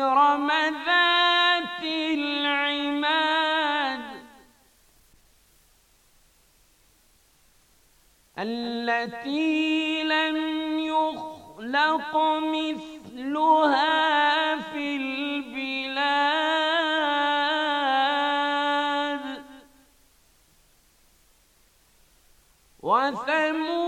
إرم ذات العماد التي لم يخلق مثلها في البلاد وثمود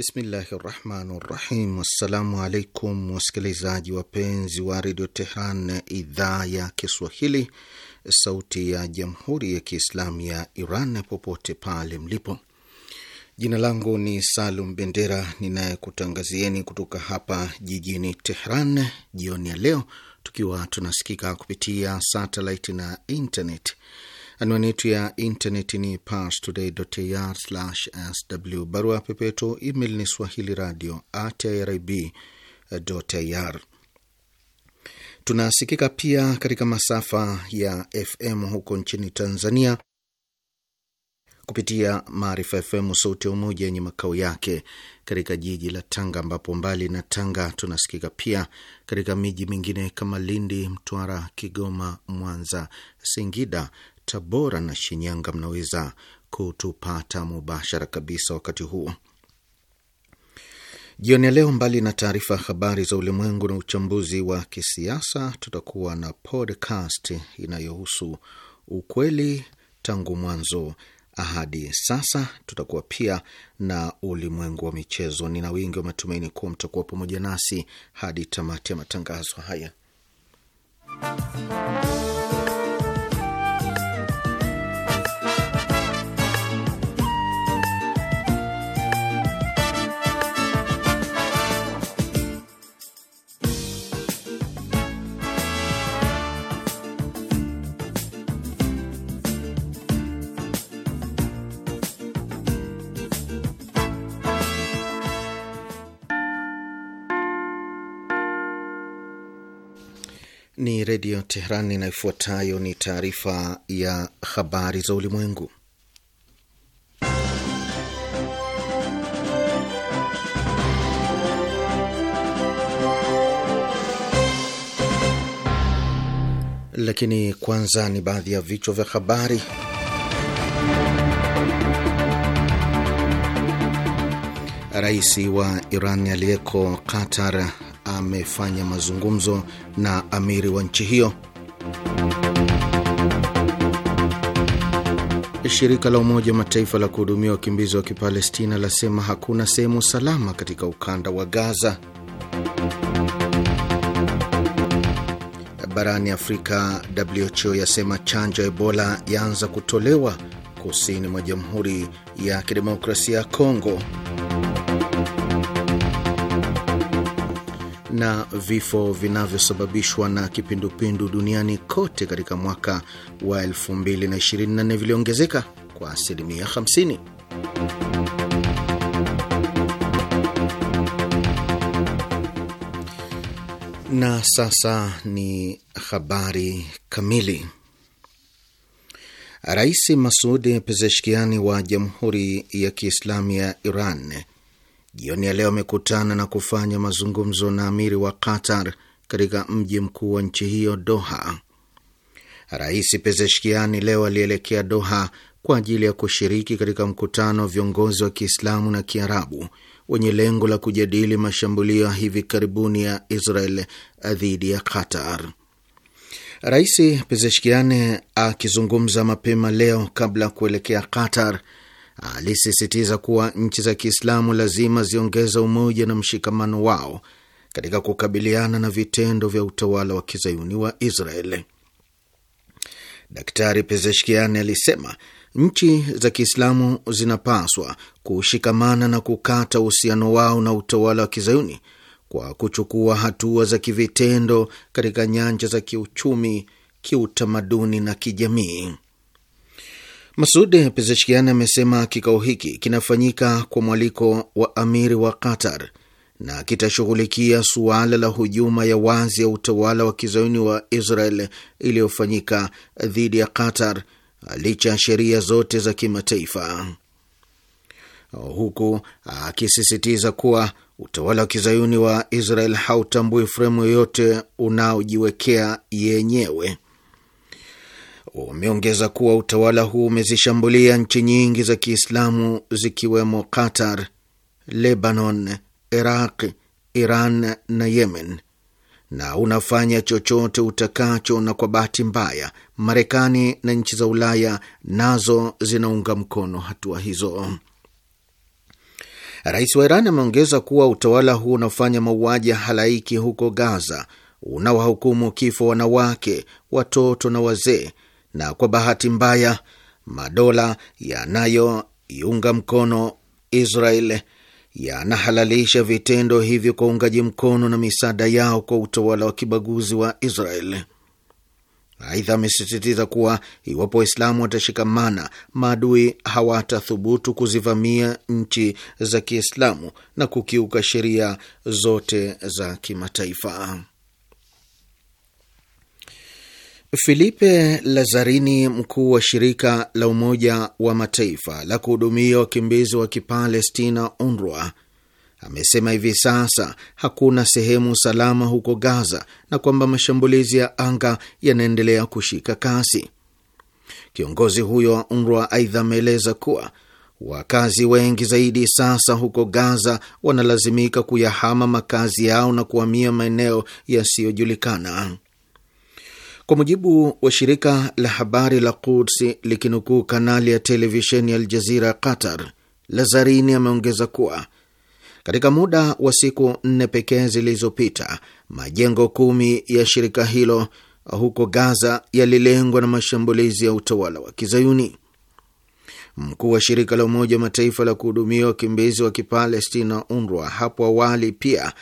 Bismillahi rahmani rahim. Assalamu alaikum wasikilizaji wapenzi wa redio Tehran, idhaa ya Kiswahili, sauti ya jamhuri ya Kiislamu ya Iran, popote pale mlipo. Jina langu ni Salum Bendera ninayekutangazieni kutoka hapa jijini Tehran jioni ya leo, tukiwa tunasikika kupitia satelit na internet. Anwani yetu ya intaneti ni parstoday.ir/sw. Barua pepeto email ni swahili radio at irib.ir. Tunasikika pia katika masafa ya FM huko nchini Tanzania kupitia Maarifa FM Sauti ya Umoja yenye makao yake katika jiji la Tanga, ambapo mbali na Tanga tunasikika pia katika miji mingine kama Lindi, Mtwara, Kigoma, Mwanza, Singida Tabora na Shinyanga mnaweza kutupata mubashara kabisa wakati huo. Jioni ya leo, mbali na taarifa ya habari za ulimwengu na uchambuzi wa kisiasa, tutakuwa na podcast inayohusu ukweli tangu mwanzo hadi sasa. Tutakuwa pia na ulimwengu wa michezo. Nina wingi wa matumaini kuwa mtakuwa pamoja nasi hadi tamati ya matangazo haya. Redio Teherani na ifuatayo ni taarifa ya habari za ulimwengu. Lakini kwanza ni baadhi ya vichwa vya habari. Rais wa Iran aliyeko Qatar amefanya mazungumzo na amiri wa nchi hiyo. Shirika la Umoja wa Mataifa la kuhudumia wakimbizi wa Kipalestina lasema hakuna sehemu salama katika ukanda wa Gaza. Barani Afrika, WHO yasema chanjo ya Ebola yaanza kutolewa kusini mwa Jamhuri ya Kidemokrasia ya Kongo. na vifo vinavyosababishwa na kipindupindu duniani kote katika mwaka wa 2024 viliongezeka kwa asilimia 50. Na sasa ni habari kamili. Rais Masudi Pezeshkiani wa Jamhuri ya Kiislamu ya Iran jioni ya leo amekutana na kufanya mazungumzo na amiri wa Qatar katika mji mkuu wa nchi hiyo Doha. Rais Pezeshkiani leo alielekea Doha kwa ajili ya kushiriki katika mkutano wa viongozi wa Kiislamu na Kiarabu wenye lengo la kujadili mashambulio ya hivi karibuni ya Israel dhidi ya Qatar. Rais Pezeshkiani akizungumza mapema leo kabla ya kuelekea Qatar alisisitiza kuwa nchi za Kiislamu lazima ziongeza umoja na mshikamano wao katika kukabiliana na vitendo vya utawala wa kizayuni wa Israeli. Daktari Pezeshkian alisema nchi za Kiislamu zinapaswa kushikamana na kukata uhusiano wao na utawala wa kizayuni kwa kuchukua hatua za kivitendo katika nyanja za kiuchumi, kiutamaduni na kijamii. Masud Pezeshkian amesema kikao hiki kinafanyika kwa mwaliko wa amiri wa Qatar na kitashughulikia suala la hujuma ya wazi ya utawala wa kizayuni wa Israel iliyofanyika dhidi ya Qatar licha ya sheria zote za kimataifa, huku akisisitiza kuwa utawala wa kizayuni wa Israel hautambui fremu yoyote unaojiwekea yenyewe umeongeza kuwa utawala huu umezishambulia nchi nyingi za Kiislamu zikiwemo Qatar, Lebanon, Iraq, Iran na Yemen, na unafanya chochote utakacho, na kwa bahati mbaya Marekani na nchi za Ulaya nazo zinaunga mkono hatua hizo. Rais wa Iran ameongeza kuwa utawala huu unafanya mauaji ya halaiki huko Gaza, unawahukumu kifo wanawake, watoto na wazee na kwa bahati mbaya madola yanayoiunga mkono Israel yanahalalisha vitendo hivyo kwa uungaji mkono na misaada yao kwa utawala wa kibaguzi wa Israel. Aidha, amesisitiza kuwa iwapo Waislamu watashikamana, maadui hawatathubutu kuzivamia nchi za Kiislamu na kukiuka sheria zote za kimataifa. Filipe Lazarini, mkuu wa shirika la Umoja wa Mataifa la kuhudumia wakimbizi wa Kipalestina, UNRWA, amesema hivi sasa hakuna sehemu salama huko Gaza na kwamba mashambulizi ya anga yanaendelea kushika kasi. Kiongozi huyo wa UNRWA aidha ameeleza kuwa wakazi wengi zaidi sasa huko Gaza wanalazimika kuyahama makazi yao na kuhamia maeneo yasiyojulikana. Kwa mujibu wa shirika la habari la Quds likinukuu kanali ya televisheni ya Aljazira ya Qatar, Lazarini ameongeza kuwa katika muda wa siku nne pekee zilizopita majengo kumi ya shirika hilo huko Gaza yalilengwa na mashambulizi ya utawala wa Kizayuni. Mkuu wa shirika la Umoja wa Mataifa la kuhudumia wakimbizi wa Kipalestina, UNRWA, hapo awali pia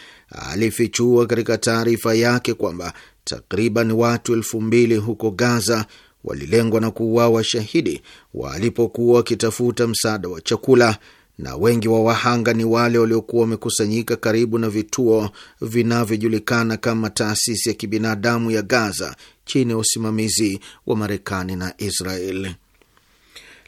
alifichua katika taarifa yake kwamba takriban watu elfu mbili huko Gaza walilengwa na kuuawa shahidi walipokuwa wakitafuta msaada wa chakula, na wengi wa wahanga ni wale waliokuwa wamekusanyika karibu na vituo vinavyojulikana kama taasisi ya kibinadamu ya Gaza chini ya usimamizi wa Marekani na Israeli.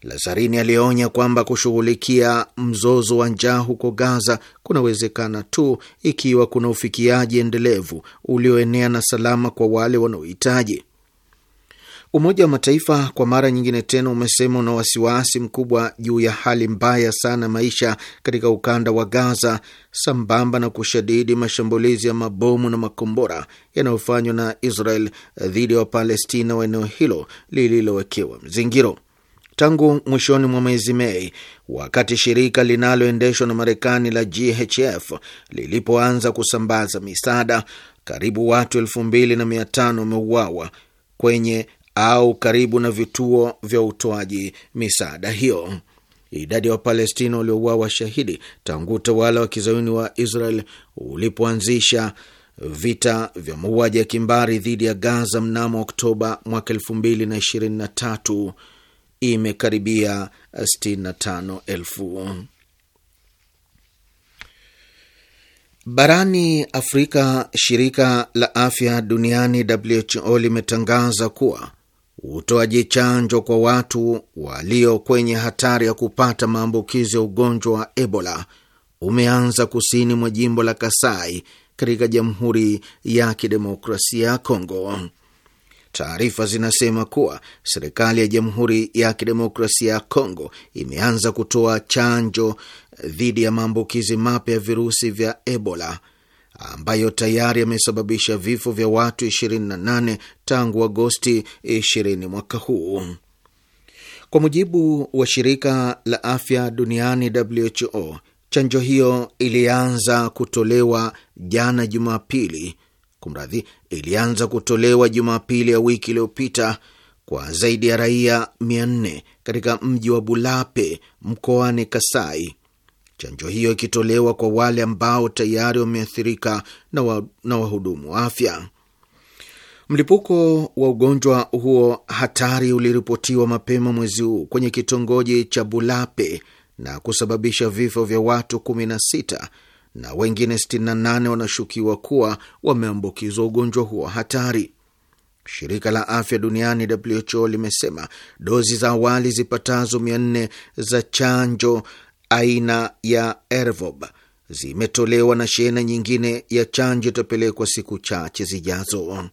Lazarini alionya kwamba kushughulikia mzozo wa njaa huko Gaza kunawezekana tu ikiwa kuna ufikiaji endelevu ulioenea na salama kwa wale wanaohitaji. Umoja wa Mataifa kwa mara nyingine tena umesema una wasiwasi mkubwa juu ya hali mbaya sana maisha katika ukanda wa Gaza, sambamba na kushadidi mashambulizi ya mabomu na makombora yanayofanywa na Israel dhidi ya Wapalestina wa eneo hilo lililowekewa mzingiro tangu mwishoni mwa mwezi Mei, wakati shirika linaloendeshwa na Marekani la GHF lilipoanza kusambaza misaada, karibu watu elfu wameuawa kwenye au karibu na vituo vya utoaji misaada hiyo. Idadi ya Wapalestina waliouawa shahidi tangu utawala wa kizayuni wa Israel ulipoanzisha vita vya mauaji ya kimbari dhidi ya Gaza mnamo Oktoba mwaka imekaribia 65,000. Eh, Barani Afrika, shirika la afya duniani WHO limetangaza kuwa utoaji chanjo kwa watu walio kwenye hatari ya kupata maambukizi ya ugonjwa wa Ebola umeanza kusini mwa jimbo la Kasai katika Jamhuri ya Kidemokrasia ya Kongo. Taarifa zinasema kuwa serikali ya Jamhuri ya Kidemokrasia ya Kongo imeanza kutoa chanjo dhidi ya maambukizi mapya ya virusi vya Ebola ambayo tayari yamesababisha vifo vya watu 28 tangu Agosti 20 mwaka huu. Kwa mujibu wa shirika la afya duniani WHO, chanjo hiyo ilianza kutolewa jana Jumapili kumradhi, ilianza kutolewa Jumapili ya wiki iliyopita kwa zaidi ya raia 400 katika mji wa Bulape mkoani Kasai. Chanjo hiyo ikitolewa kwa wale ambao tayari wameathirika na, wa, na wahudumu wa afya. Mlipuko wa ugonjwa huo hatari uliripotiwa mapema mwezi huu kwenye kitongoji cha Bulape na kusababisha vifo vya watu 16 na wengine 68 wanashukiwa kuwa wameambukizwa ugonjwa huo hatari. Shirika la afya duniani WHO limesema dozi za awali zipatazo 400 za chanjo aina ya Ervob zimetolewa na shehena nyingine ya chanjo itapelekwa siku chache zijazo.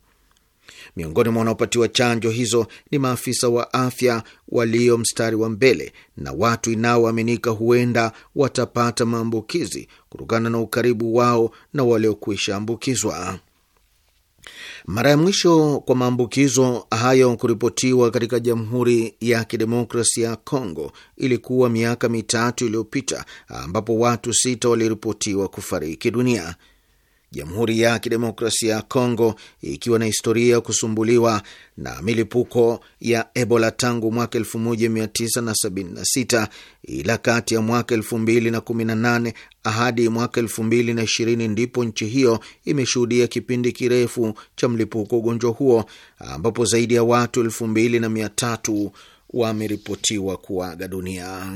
Miongoni mwa wanaopatiwa chanjo hizo ni maafisa wa afya walio mstari wa mbele na watu inaoaminika huenda watapata maambukizi kutokana na ukaribu wao na waliokwisha ambukizwa. Mara ya mwisho kwa maambukizo hayo kuripotiwa katika Jamhuri ya Kidemokrasia ya Kongo ilikuwa miaka mitatu iliyopita ambapo watu sita waliripotiwa kufariki dunia. Jamhuri ya Kidemokrasia ya Kongo ikiwa na historia ya kusumbuliwa na milipuko ya Ebola tangu mwaka 1976 ila kati ya mwaka 2018 hadi mwaka 2020 ndipo nchi hiyo imeshuhudia kipindi kirefu cha mlipuko ugonjwa huo ambapo zaidi ya watu 2300 wameripotiwa kuaga dunia.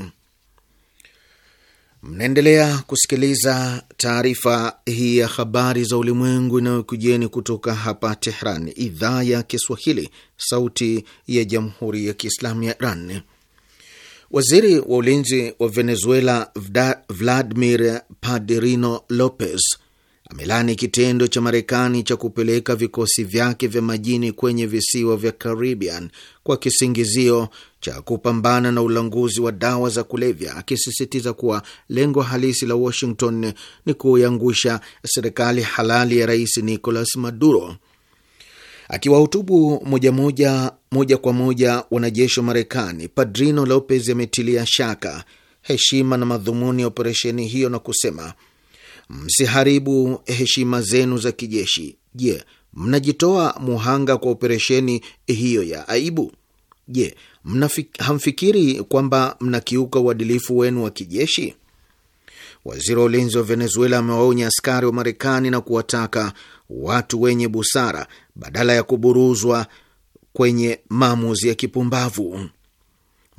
Mnaendelea kusikiliza taarifa hii ya habari za ulimwengu inayokujieni kutoka hapa Tehran, idhaa ya Kiswahili, sauti ya jamhuri ya kiislamu ya Iran. Waziri wa ulinzi wa Venezuela Vladimir Padrino Lopez amelani kitendo cha Marekani cha kupeleka vikosi vyake vya majini kwenye visiwa vya Caribbean kwa kisingizio cha kupambana na ulanguzi wa dawa za kulevya, akisisitiza kuwa lengo halisi la Washington ni kuiangusha serikali halali ya Rais Nicolas Maduro. Akiwahutubu moja moja moja kwa moja wanajeshi wa Marekani, Padrino Lopez ametilia shaka heshima na madhumuni ya operesheni hiyo na kusema msiharibu heshima zenu za kijeshi. Je, mnajitoa muhanga kwa operesheni hiyo ya aibu? Je, hamfikiri kwamba mnakiuka uadilifu wenu wa kijeshi? Waziri wa ulinzi wa Venezuela amewaonya askari wa Marekani na kuwataka watu wenye busara badala ya kuburuzwa kwenye maamuzi ya kipumbavu.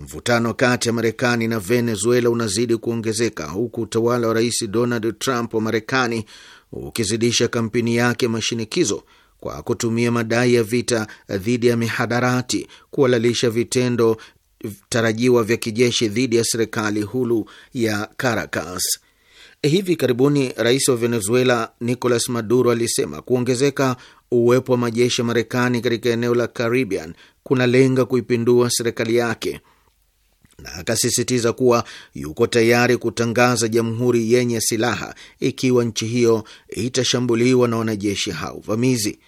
Mvutano kati ya Marekani na Venezuela unazidi kuongezeka huku utawala wa Rais Donald Trump wa Marekani ukizidisha kampeni yake mashinikizo kwa kutumia madai ya vita dhidi ya mihadarati kuhalalisha vitendo tarajiwa vya kijeshi dhidi ya serikali hulu ya Caracas. Hivi karibuni rais wa Venezuela Nicolas Maduro alisema kuongezeka uwepo wa majeshi ya Marekani katika eneo la Caribbean kunalenga kuipindua serikali yake na akasisitiza kuwa yuko tayari kutangaza jamhuri yenye silaha ikiwa nchi hiyo itashambuliwa na wanajeshi hao vamizi.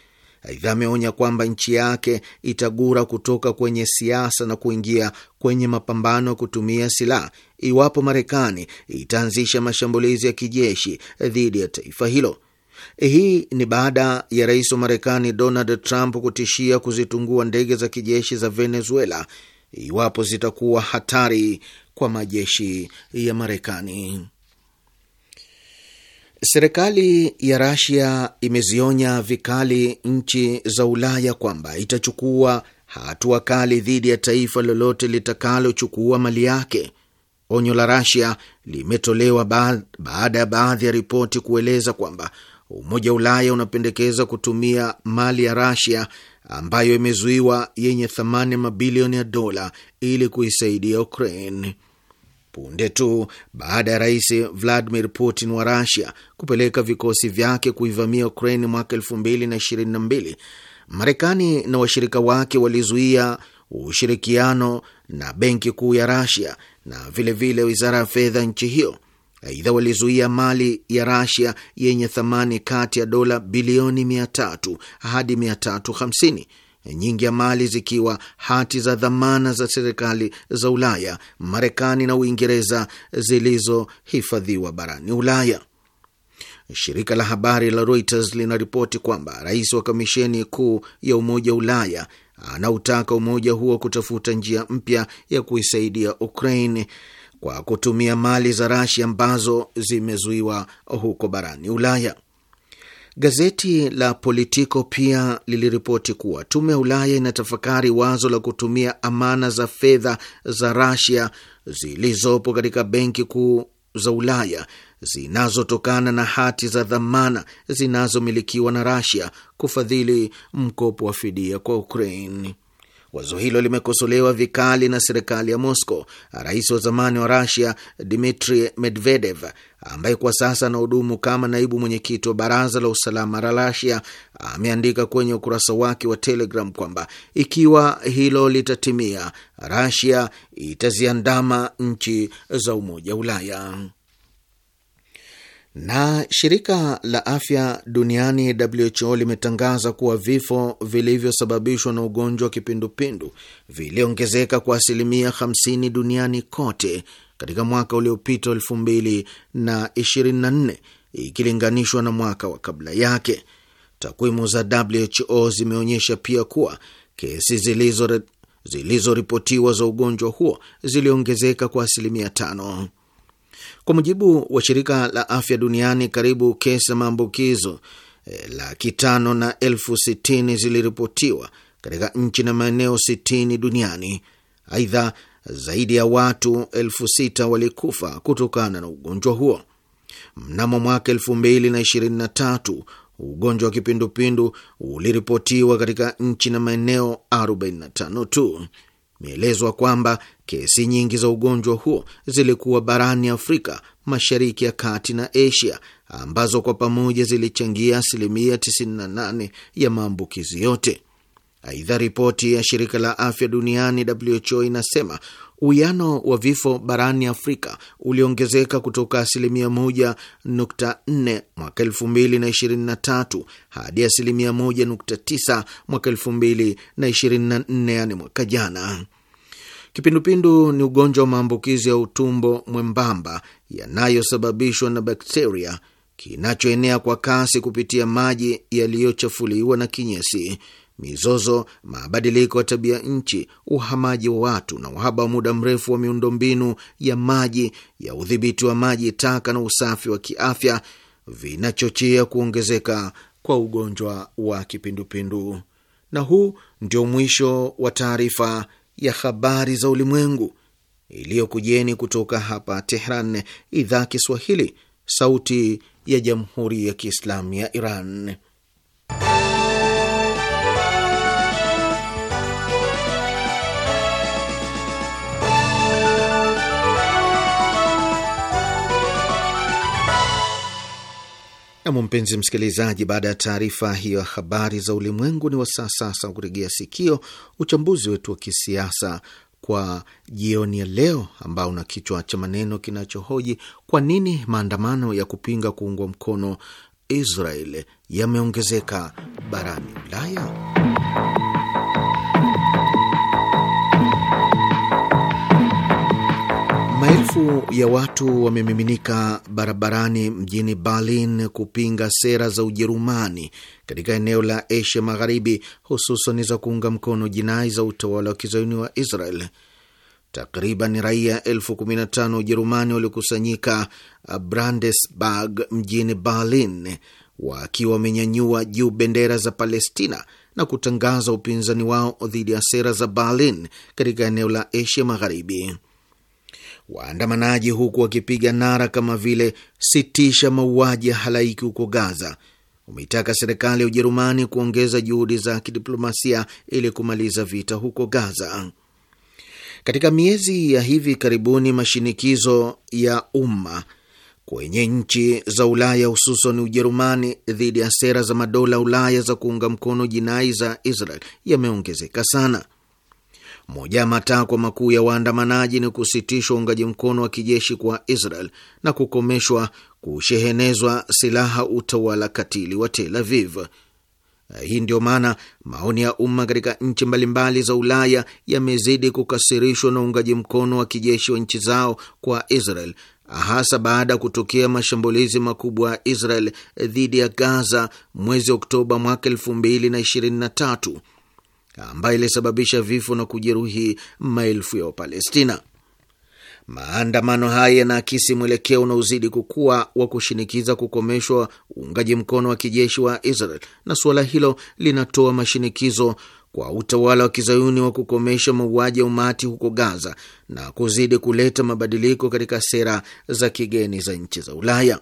Aidha, ameonya kwamba nchi yake itagura kutoka kwenye siasa na kuingia kwenye mapambano ya kutumia silaha iwapo Marekani itaanzisha mashambulizi ya kijeshi dhidi ya taifa hilo. Hii ni baada ya rais wa Marekani Donald Trump kutishia kuzitungua ndege za kijeshi za Venezuela iwapo zitakuwa hatari kwa majeshi ya Marekani. Serikali ya Rasia imezionya vikali nchi za Ulaya kwamba itachukua hatua kali dhidi ya taifa lolote litakalochukua mali yake. Onyo la Rasia limetolewa baada ya baadhi ya ripoti kueleza kwamba Umoja wa Ulaya unapendekeza kutumia mali ya Rasia ambayo imezuiwa yenye thamani ya mabilioni ya dola ili kuisaidia Ukraine. Punde tu baada ya rais Vladimir Putin wa Rasia kupeleka vikosi vyake kuivamia Ukraine mwaka elfu mbili na ishirini na mbili, Marekani na washirika wake walizuia ushirikiano na benki kuu ya Rasia na vilevile wizara ya fedha nchi hiyo Aidha, walizuia mali ya Rasia yenye thamani kati ya dola bilioni 300 hadi 350 nyingi ya mali zikiwa hati za dhamana za serikali za Ulaya, Marekani na Uingereza zilizohifadhiwa barani Ulaya. Shirika la habari la Reuters linaripoti kwamba rais wa kamisheni kuu ya Umoja wa Ulaya anautaka umoja huo kutafuta njia mpya ya kuisaidia Ukraine kwa kutumia mali za Rashi ambazo zimezuiwa huko barani Ulaya. Gazeti la Politico pia liliripoti kuwa tume ya Ulaya inatafakari wazo la kutumia amana za fedha za Rasia zilizopo katika benki kuu za Ulaya zinazotokana na hati za dhamana zinazomilikiwa na Rasia kufadhili mkopo wa fidia kwa Ukraine. Wazo hilo limekosolewa vikali na serikali ya Moscow. Rais wa zamani wa Rusia Dmitri Medvedev, ambaye kwa sasa anahudumu kama naibu mwenyekiti wa baraza la usalama la Rusia, ameandika kwenye ukurasa wake wa Telegram kwamba ikiwa hilo litatimia, Rusia itaziandama nchi za Umoja Ulaya. Na shirika la afya duniani WHO limetangaza kuwa vifo vilivyosababishwa na ugonjwa wa kipindupindu viliongezeka kwa asilimia 50 duniani kote katika mwaka uliopita 2024 ikilinganishwa na mwaka wa kabla yake. Takwimu za WHO zimeonyesha pia kuwa kesi zilizoripotiwa zilizo za ugonjwa huo ziliongezeka kwa asilimia tano. Kwa mujibu wa shirika la afya duniani, karibu kesi za maambukizo eh, laki tano na elfu sitini ziliripotiwa katika nchi na maeneo sitini duniani. Aidha, zaidi ya watu elfu sita walikufa kutokana na ugonjwa huo. Mnamo mwaka elfu mbili na ishirini na tatu ugonjwa wa kipindupindu uliripotiwa katika nchi na maeneo 45 tu. Imeelezwa kwamba kesi nyingi za ugonjwa huo zilikuwa barani Afrika, Mashariki ya Kati na Asia, ambazo kwa pamoja zilichangia asilimia 98 ya maambukizi yote. Aidha, ripoti ya shirika la afya duniani WHO inasema Uwiano wa vifo barani Afrika uliongezeka kutoka asilimia 1.4 mwaka 2023 hadi asilimia 1.9 mwaka 2024, yani mwaka jana. Kipindupindu ni ugonjwa wa maambukizi ya utumbo mwembamba yanayosababishwa na bakteria, kinachoenea kwa kasi kupitia maji yaliyochafuliwa na kinyesi mizozo, mabadiliko ya tabia nchi, uhamaji wa watu na uhaba wa muda mrefu wa miundombinu ya maji ya udhibiti wa maji taka na usafi wa kiafya vinachochea kuongezeka kwa ugonjwa wa kipindupindu. Na huu ndio mwisho wa taarifa ya habari za ulimwengu iliyokujeni kutoka hapa Tehran, idhaa Kiswahili, sauti ya jamhuri ya kiislamu ya Iran. Nam, mpenzi msikilizaji, baada ya taarifa hiyo ya habari za ulimwengu, ni wasaa sasa wa kuregea sikio uchambuzi wetu wa kisiasa kwa jioni ya leo ambao una kichwa cha maneno kinachohoji kwa nini maandamano ya kupinga kuungwa mkono Israel yameongezeka barani Ulaya. Maelfu ya watu wamemiminika barabarani mjini Berlin kupinga sera za Ujerumani katika eneo la Asia Magharibi, hususan za kuunga mkono jinai za utawala wa kizayuni wa Israel. Takriban raia elfu kumi na tano Ujerumani waliokusanyika Brandesburg mjini Berlin wakiwa wamenyanyua juu bendera za Palestina na kutangaza upinzani wao dhidi ya sera za Berlin katika eneo la Asia Magharibi waandamanaji huku wakipiga nara kama vile sitisha mauaji ya halaiki huko Gaza umeitaka serikali ya Ujerumani kuongeza juhudi za kidiplomasia ili kumaliza vita huko Gaza. Katika miezi ya hivi karibuni, mashinikizo ya umma kwenye nchi za Ulaya hususan Ujerumani dhidi ya sera za madola Ulaya za kuunga mkono jinai za Israel yameongezeka sana. Moja ya matakwa makuu ya waandamanaji ni kusitishwa uungaji mkono wa kijeshi kwa Israel na kukomeshwa kushehenezwa silaha utawala katili wa Tel Aviv. Hii ndiyo maana maoni ya umma katika nchi mbalimbali za Ulaya yamezidi kukasirishwa na uungaji mkono wa kijeshi wa nchi zao kwa Israel, hasa baada ya kutokea mashambulizi makubwa ya Israel dhidi ya Gaza mwezi Oktoba mwaka elfu mbili na ishirini na tatu ambayo ilisababisha vifo na kujeruhi maelfu ya Wapalestina. Maandamano haya yanaakisi mwelekeo unaozidi kukua wa kushinikiza kukomeshwa uungaji mkono wa kijeshi wa Israel, na suala hilo linatoa mashinikizo kwa utawala wa kizayuni wa kukomesha mauaji ya umati huko Gaza na kuzidi kuleta mabadiliko katika sera za kigeni za nchi za Ulaya.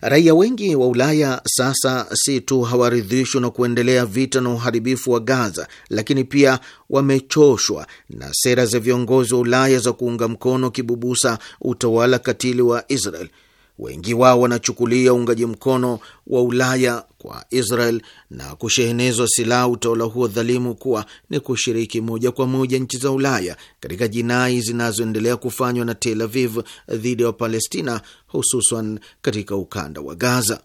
Raia wengi wa Ulaya sasa si tu hawaridhishwi na kuendelea vita na uharibifu wa Gaza, lakini pia wamechoshwa na sera za viongozi wa Ulaya za kuunga mkono kibubusa utawala katili wa Israel wengi wao wanachukulia uungaji mkono wa Ulaya kwa Israel na kushehenezwa silaha utawala huo dhalimu kuwa ni kushiriki moja kwa moja nchi za Ulaya katika jinai zinazoendelea kufanywa na Tel Aviv dhidi ya Wapalestina, hususan katika ukanda wa Gaza.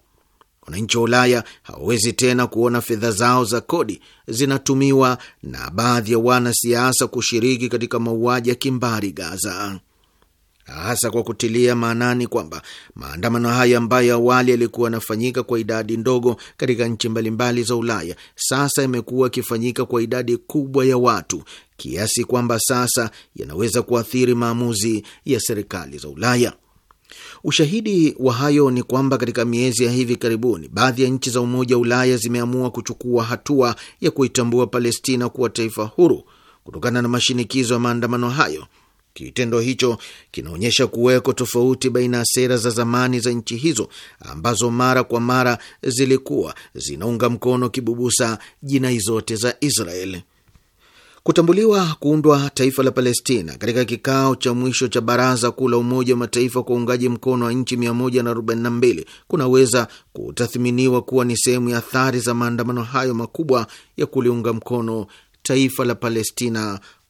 Wananchi wa Ulaya hawawezi tena kuona fedha zao za kodi zinatumiwa na baadhi ya wanasiasa kushiriki katika mauaji ya kimbari Gaza hasa kwa kutilia maanani kwamba maandamano haya ambayo awali yalikuwa yanafanyika kwa idadi ndogo katika nchi mbalimbali za Ulaya sasa yamekuwa yakifanyika kwa idadi kubwa ya watu kiasi kwamba sasa yanaweza kuathiri maamuzi ya serikali za Ulaya. Ushahidi wa hayo ni kwamba katika miezi ya hivi karibuni baadhi ya nchi za Umoja wa Ulaya zimeamua kuchukua hatua ya kuitambua Palestina kuwa taifa huru kutokana na mashinikizo ya maandamano hayo. Kitendo hicho kinaonyesha kuweko tofauti baina ya sera za zamani za nchi hizo ambazo mara kwa mara zilikuwa zinaunga mkono kibubusa jinai zote za Israeli. Kutambuliwa kuundwa taifa la Palestina katika kikao cha mwisho cha Baraza Kuu la Umoja wa Mataifa kwa uungaji mkono wa nchi 142 kunaweza kutathminiwa kuwa ni sehemu ya athari za maandamano hayo makubwa ya kuliunga mkono taifa la Palestina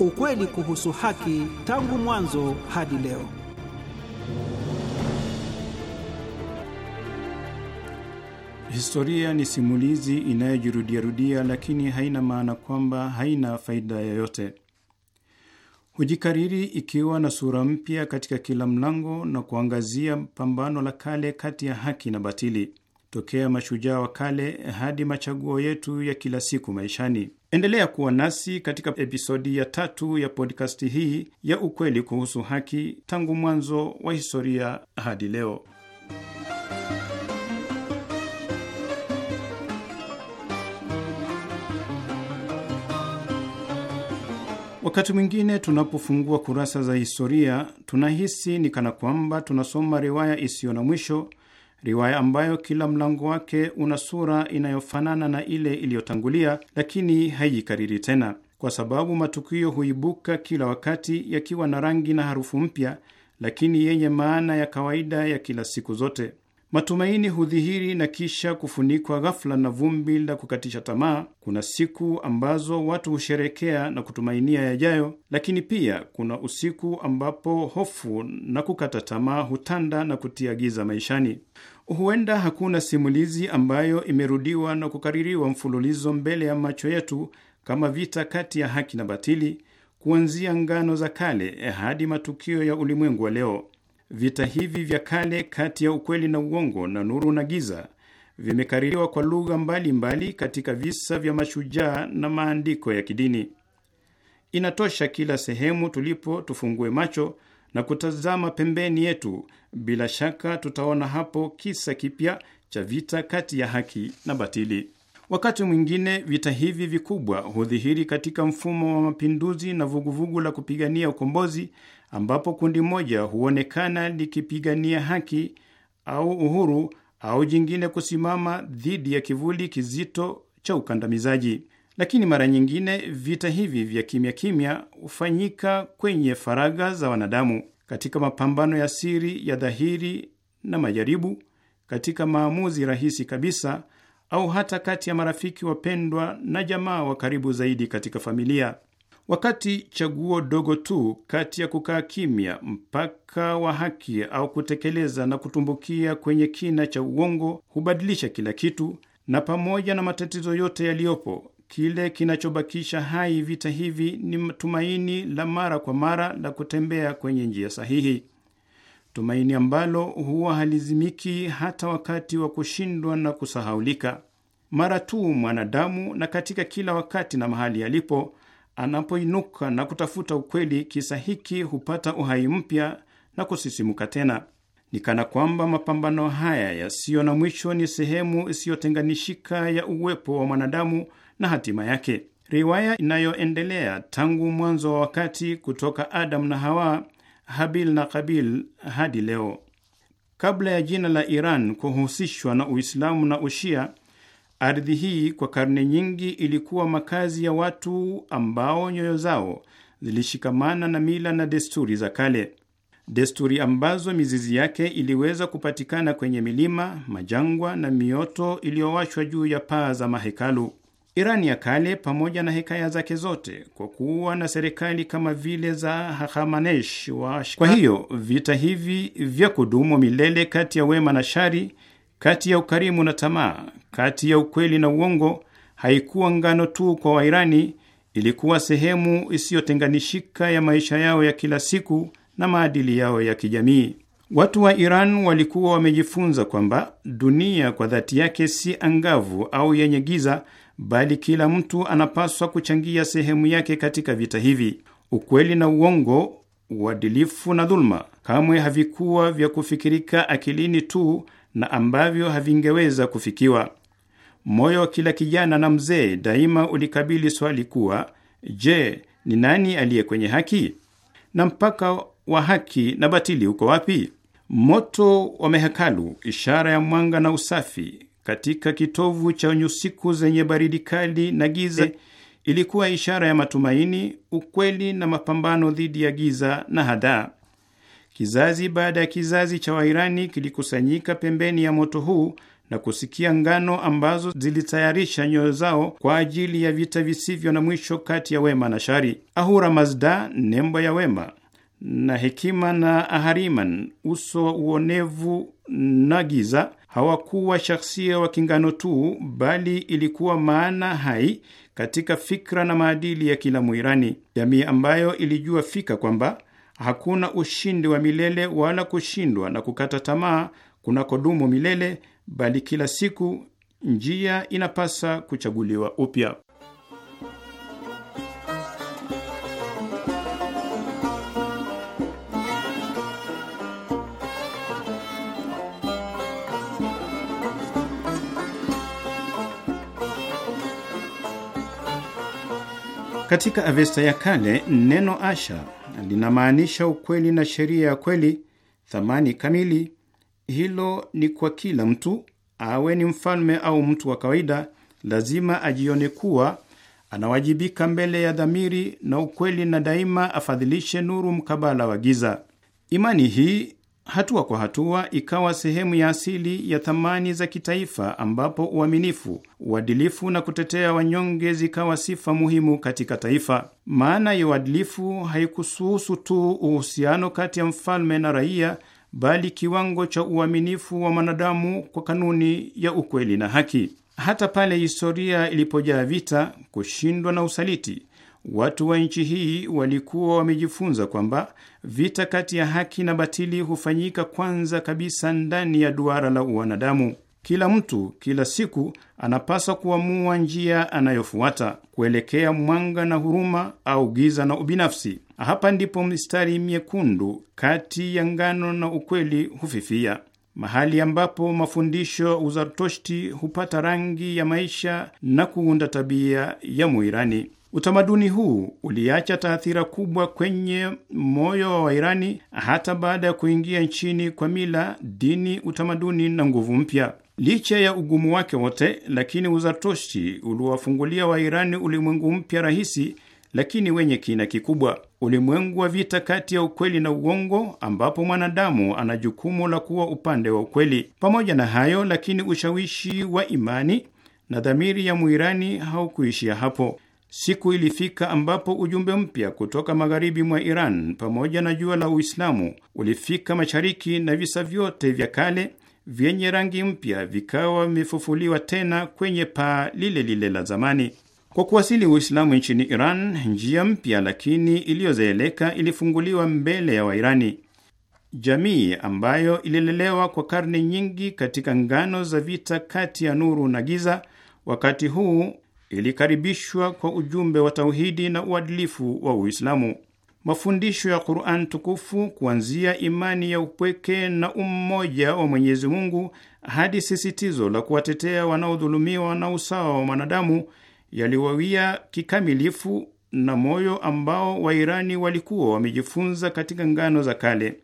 ukweli kuhusu haki tangu mwanzo hadi leo. Historia ni simulizi inayojirudiarudia, lakini haina maana kwamba haina faida yoyote. Hujikariri ikiwa na sura mpya katika kila mlango na kuangazia pambano la kale kati ya haki na batili tokea mashujaa wa kale hadi machaguo yetu ya kila siku maishani. Endelea kuwa nasi katika episodi ya tatu ya podkasti hii ya ukweli kuhusu haki, tangu mwanzo wa historia hadi leo. Wakati mwingine tunapofungua kurasa za historia tunahisi ni kana kwamba tunasoma riwaya isiyo na mwisho riwaya ambayo kila mlango wake una sura inayofanana na ile iliyotangulia, lakini haijikariri tena, kwa sababu matukio huibuka kila wakati yakiwa na rangi na harufu mpya, lakini yenye maana ya kawaida ya kila siku zote. Matumaini hudhihiri na kisha kufunikwa ghafla na vumbi la kukatisha tamaa. Kuna siku ambazo watu husherekea na kutumainia yajayo, lakini pia kuna usiku ambapo hofu na kukata tamaa hutanda na kutia giza maishani. Huenda hakuna simulizi ambayo imerudiwa na kukaririwa mfululizo mbele ya macho yetu kama vita kati ya haki na batili, kuanzia ngano za kale hadi matukio ya ulimwengu wa leo. Vita hivi vya kale kati ya ukweli na uongo na nuru na giza vimekaririwa kwa lugha mbalimbali katika visa vya mashujaa na maandiko ya kidini. Inatosha kila sehemu tulipo tufungue macho na kutazama pembeni yetu. Bila shaka tutaona hapo kisa kipya cha vita kati ya haki na batili. Wakati mwingine vita hivi vikubwa hudhihiri katika mfumo wa mapinduzi na vuguvugu la kupigania ukombozi ambapo kundi moja huonekana likipigania haki au uhuru au jingine kusimama dhidi ya kivuli kizito cha ukandamizaji. Lakini mara nyingine vita hivi vya kimya kimya hufanyika kwenye faragha za wanadamu, katika mapambano ya siri ya dhahiri na majaribu, katika maamuzi rahisi kabisa, au hata kati ya marafiki wapendwa na jamaa wa karibu zaidi katika familia. Wakati chaguo dogo tu kati ya kukaa kimya, mpaka wa haki, au kutekeleza na kutumbukia kwenye kina cha uongo hubadilisha kila kitu, na pamoja na matatizo yote yaliyopo, kile kinachobakisha hai vita hivi ni tumaini la mara kwa mara la kutembea kwenye njia sahihi, tumaini ambalo huwa halizimiki hata wakati wa kushindwa na kusahaulika. Mara tu mwanadamu, na katika kila wakati na mahali alipo anapoinuka na kutafuta ukweli, kisa hiki hupata uhai mpya na kusisimuka tena. Ni kana kwamba mapambano haya yasiyo na mwisho ni sehemu isiyotenganishika ya uwepo wa mwanadamu na hatima yake. Riwaya inayoendelea tangu mwanzo wa wakati, kutoka Adamu na Hawa, Habil na Kabil hadi leo. Kabla ya jina la Iran kuhusishwa na Uislamu na Ushia, Ardhi hii kwa karne nyingi ilikuwa makazi ya watu ambao nyoyo zao zilishikamana na mila na desturi za kale, desturi ambazo mizizi yake iliweza kupatikana kwenye milima, majangwa na mioto iliyowashwa juu ya paa za mahekalu. Irani ya kale, pamoja na hekaya zake zote, kwa kuwa na serikali kama vile za Hahamanesh wa Ashka. Kwa hiyo vita hivi vya kudumu milele kati ya wema na shari, kati ya ukarimu na tamaa, kati ya ukweli na uongo haikuwa ngano tu kwa Wairani, ilikuwa sehemu isiyotenganishika ya maisha yao ya kila siku na maadili yao ya kijamii. Watu wa Iran walikuwa wamejifunza kwamba dunia kwa dhati yake si angavu au yenye giza, bali kila mtu anapaswa kuchangia sehemu yake katika vita hivi. Ukweli na uongo, uadilifu na dhuluma, kamwe havikuwa vya kufikirika akilini tu na ambavyo havingeweza kufikiwa. Moyo wa kila kijana na mzee daima ulikabili swali kuwa je, ni nani aliye kwenye haki na mpaka wa haki na batili uko wapi? Moto wa mehekalu, ishara ya mwanga na usafi, katika kitovu cha nyusiku zenye baridi kali na giza, ilikuwa ishara ya matumaini, ukweli na mapambano dhidi ya giza na hadaa. Kizazi baada ya kizazi cha Wairani kilikusanyika pembeni ya moto huu na kusikia ngano ambazo zilitayarisha nyoyo zao kwa ajili ya vita visivyo na mwisho kati ya wema na shari. Ahura Mazda, nembo ya wema na hekima, na Ahariman, uso wa uonevu na giza, hawakuwa shakhsia wa kingano tu, bali ilikuwa maana hai katika fikra na maadili ya kila Mwirani, jamii ambayo ilijua fika kwamba hakuna ushindi wa milele wala kushindwa na kukata tamaa kunakodumu milele bali kila siku njia inapasa kuchaguliwa upya. Katika Avesta ya kale neno asha linamaanisha ukweli na sheria ya kweli, thamani kamili hilo ni kwa kila mtu, awe ni mfalme au mtu wa kawaida, lazima ajione kuwa anawajibika mbele ya dhamiri na ukweli, na daima afadhilishe nuru mkabala wa giza. Imani hii hatua kwa hatua ikawa sehemu ya asili ya thamani za kitaifa, ambapo uaminifu, uadilifu na kutetea wanyonge zikawa sifa muhimu katika taifa. Maana ya uadilifu haikusuhusu tu uhusiano kati ya mfalme na raia, bali kiwango cha uaminifu wa mwanadamu kwa kanuni ya ukweli na haki. Hata pale historia ilipojaa vita, kushindwa na usaliti, watu wa nchi hii walikuwa wamejifunza kwamba vita kati ya haki na batili hufanyika kwanza kabisa ndani ya duara la uwanadamu. Kila mtu kila siku anapaswa kuamua njia anayofuata kuelekea mwanga na huruma, au giza na ubinafsi. Hapa ndipo mistari myekundu kati ya ngano na ukweli hufifia, mahali ambapo mafundisho ya Uzartoshti hupata rangi ya maisha na kuunda tabia ya Muirani. Utamaduni huu uliacha taathira kubwa kwenye moyo wa Wairani hata baada ya kuingia nchini kwa mila, dini, utamaduni na nguvu mpya. Licha ya ugumu wake wote, lakini Uzartoshti uliwafungulia Wairani ulimwengu mpya rahisi lakini wenye kina kikubwa, ulimwengu wa vita kati ya ukweli na uongo, ambapo mwanadamu ana jukumu la kuwa upande wa ukweli. Pamoja na hayo lakini, ushawishi wa imani na dhamiri ya Mwirani haukuishia hapo. Siku ilifika ambapo ujumbe mpya kutoka magharibi mwa Iran pamoja na jua la Uislamu ulifika mashariki, na visa vyote vya kale vyenye rangi mpya vikawa vimefufuliwa tena kwenye paa lile lile la zamani. Kwa kuwasili Uislamu nchini Iran, njia mpya lakini iliyozeeleka ilifunguliwa mbele ya Wairani. Jamii ambayo ililelewa kwa karne nyingi katika ngano za vita kati ya nuru na giza, wakati huu ilikaribishwa kwa ujumbe wa tauhidi na uadilifu wa Uislamu. Mafundisho ya Quran tukufu kuanzia imani ya upweke na umoja wa Mwenyezi Mungu hadi sisitizo la kuwatetea wanaodhulumiwa na usawa wa mwanadamu yaliwawia kikamilifu na moyo ambao Wairani walikuwa wamejifunza katika ngano za kale.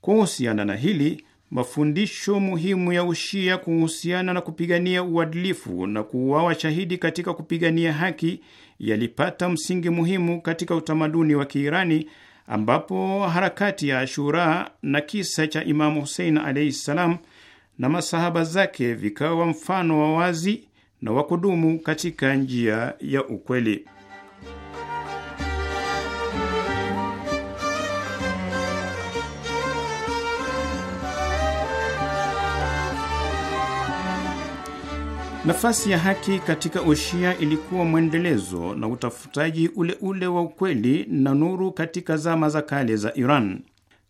Kuhusiana na hili, mafundisho muhimu ya Ushia kuhusiana na kupigania uadilifu na kuuawa shahidi katika kupigania haki yalipata msingi muhimu katika utamaduni wa Kiirani, ambapo harakati ya Ashura na kisa cha Imamu Husein alaihi ssalam na masahaba zake vikawa mfano wa wazi na wa kudumu katika njia ya ukweli. Nafasi ya haki katika Ushia ilikuwa mwendelezo na utafutaji ule ule wa ukweli na nuru katika zama za kale za Iran.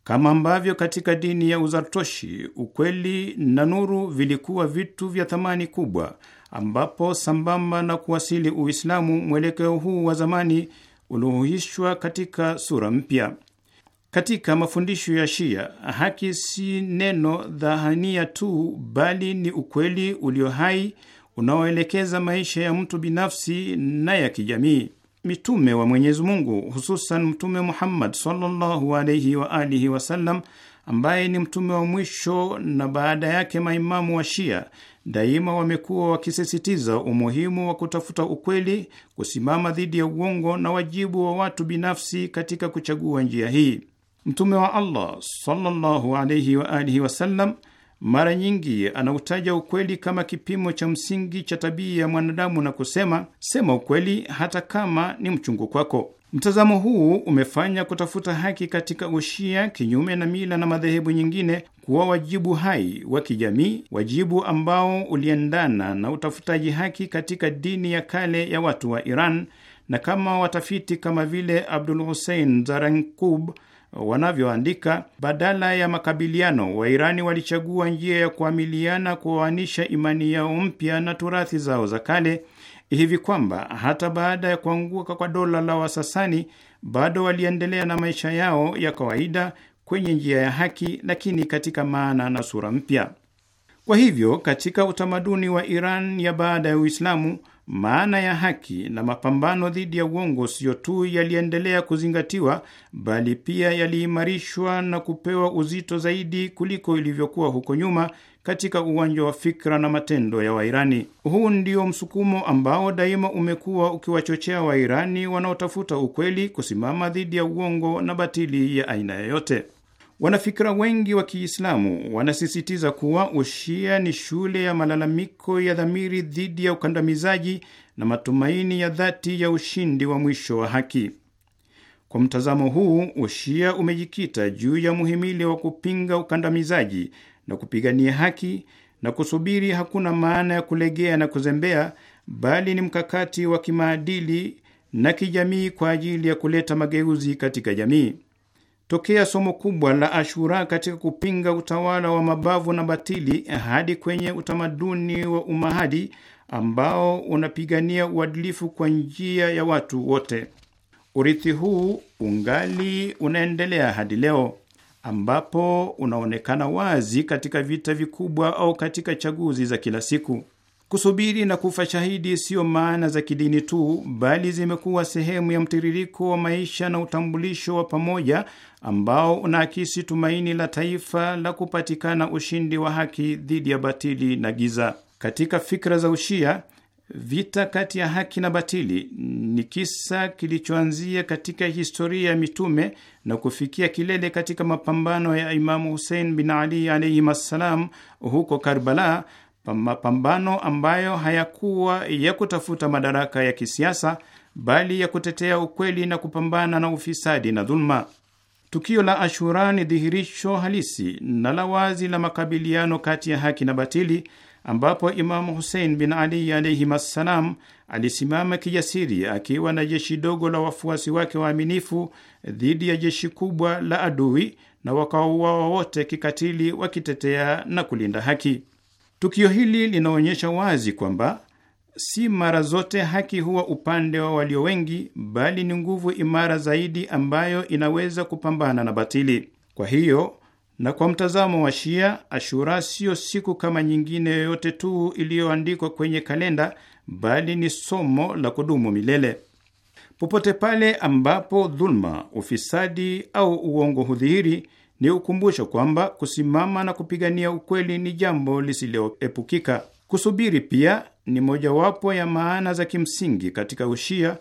Kama ambavyo katika dini ya Uzartoshi ukweli na nuru vilikuwa vitu vya thamani kubwa ambapo sambamba na kuwasili Uislamu, mwelekeo huu wa zamani ulihuishwa katika sura mpya. Katika mafundisho ya Shia, haki si neno dhahania tu, bali ni ukweli ulio hai unaoelekeza maisha ya mtu binafsi na ya kijamii. Mitume wa Mwenyezi Mungu, hususan Mtume Muhammad sallallahu alaihi wa alihi wasallam ambaye ni mtume wa mwisho na baada yake maimamu wa Shia daima wamekuwa wakisisitiza umuhimu wa kutafuta ukweli, kusimama dhidi ya uongo na wajibu wa watu binafsi katika kuchagua njia hii. Mtume wa Allah sallallahu alayhi wa alihi wasallam mara nyingi anautaja ukweli kama kipimo cha msingi cha tabia ya mwanadamu na kusema, sema ukweli hata kama ni mchungu kwako. Mtazamo huu umefanya kutafuta haki katika Ushia, kinyume na mila na madhehebu nyingine, kuwa wajibu hai wa kijamii, wajibu ambao uliendana na utafutaji haki katika dini ya kale ya watu wa Iran, na kama watafiti kama vile Abdul Hussein Zarankub wanavyoandika, badala ya makabiliano, Wairani walichagua njia ya kuamiliana, kuoanisha imani yao mpya na turathi zao za kale hivi kwamba hata baada ya kuanguka kwa dola la Wasasani bado waliendelea na maisha yao ya kawaida kwenye njia ya haki, lakini katika maana na sura mpya. Kwa hivyo katika utamaduni wa Iran ya baada ya Uislamu, maana ya haki na mapambano dhidi ya uongo siyo tu yaliendelea kuzingatiwa, bali pia yaliimarishwa na kupewa uzito zaidi kuliko ilivyokuwa huko nyuma katika uwanja wa fikra na matendo ya Wairani. Huu ndio msukumo ambao daima umekuwa ukiwachochea Wairani wanaotafuta ukweli kusimama dhidi ya uongo na batili ya aina yoyote. Wanafikira wengi wa Kiislamu wanasisitiza kuwa Ushia ni shule ya malalamiko ya dhamiri dhidi ya ukandamizaji na matumaini ya dhati ya ushindi wa mwisho wa haki. Kwa mtazamo huu, Ushia umejikita juu ya muhimili wa kupinga ukandamizaji na kupigania haki, na kusubiri hakuna maana ya kulegea na kuzembea, bali ni mkakati wa kimaadili na kijamii kwa ajili ya kuleta mageuzi katika jamii. Tokea somo kubwa la Ashura katika kupinga utawala wa mabavu na batili hadi kwenye utamaduni wa umahadi ambao unapigania uadilifu kwa njia ya watu wote. Urithi huu ungali unaendelea hadi leo ambapo unaonekana wazi katika vita vikubwa au katika chaguzi za kila siku. Kusubiri na kufa shahidi siyo maana za kidini tu, bali zimekuwa sehemu ya mtiririko wa maisha na utambulisho wa pamoja ambao unaakisi tumaini la taifa la kupatikana ushindi wa haki dhidi ya batili na giza. Katika fikra za Ushia, Vita kati ya haki na batili ni kisa kilichoanzia katika historia ya mitume na kufikia kilele katika mapambano ya Imamu Husein bin Ali alaihim assalam huko Karbala, mapambano ambayo hayakuwa ya kutafuta madaraka ya kisiasa, bali ya kutetea ukweli na kupambana na ufisadi na dhuluma. Tukio la Ashura ni dhihirisho halisi na la wazi la makabiliano kati ya haki na batili ambapo Imamu Husein bin Ali alaihim assalam alisimama kijasiri akiwa na jeshi dogo la wafuasi wake waaminifu dhidi ya jeshi kubwa la adui, na wakauawa wote kikatili wakitetea na kulinda haki. Tukio hili linaonyesha wazi kwamba si mara zote haki huwa upande wa walio wengi, bali ni nguvu imara zaidi ambayo inaweza kupambana na batili. Kwa hiyo na kwa mtazamo wa Shia, Ashura siyo siku kama nyingine yoyote tu iliyoandikwa kwenye kalenda, bali ni somo la kudumu milele. Popote pale ambapo dhulma, ufisadi au uongo hudhihiri, ni ukumbusho kwamba kusimama na kupigania ukweli ni jambo lisiloepukika. Kusubiri pia ni mojawapo ya maana za kimsingi katika Ushia,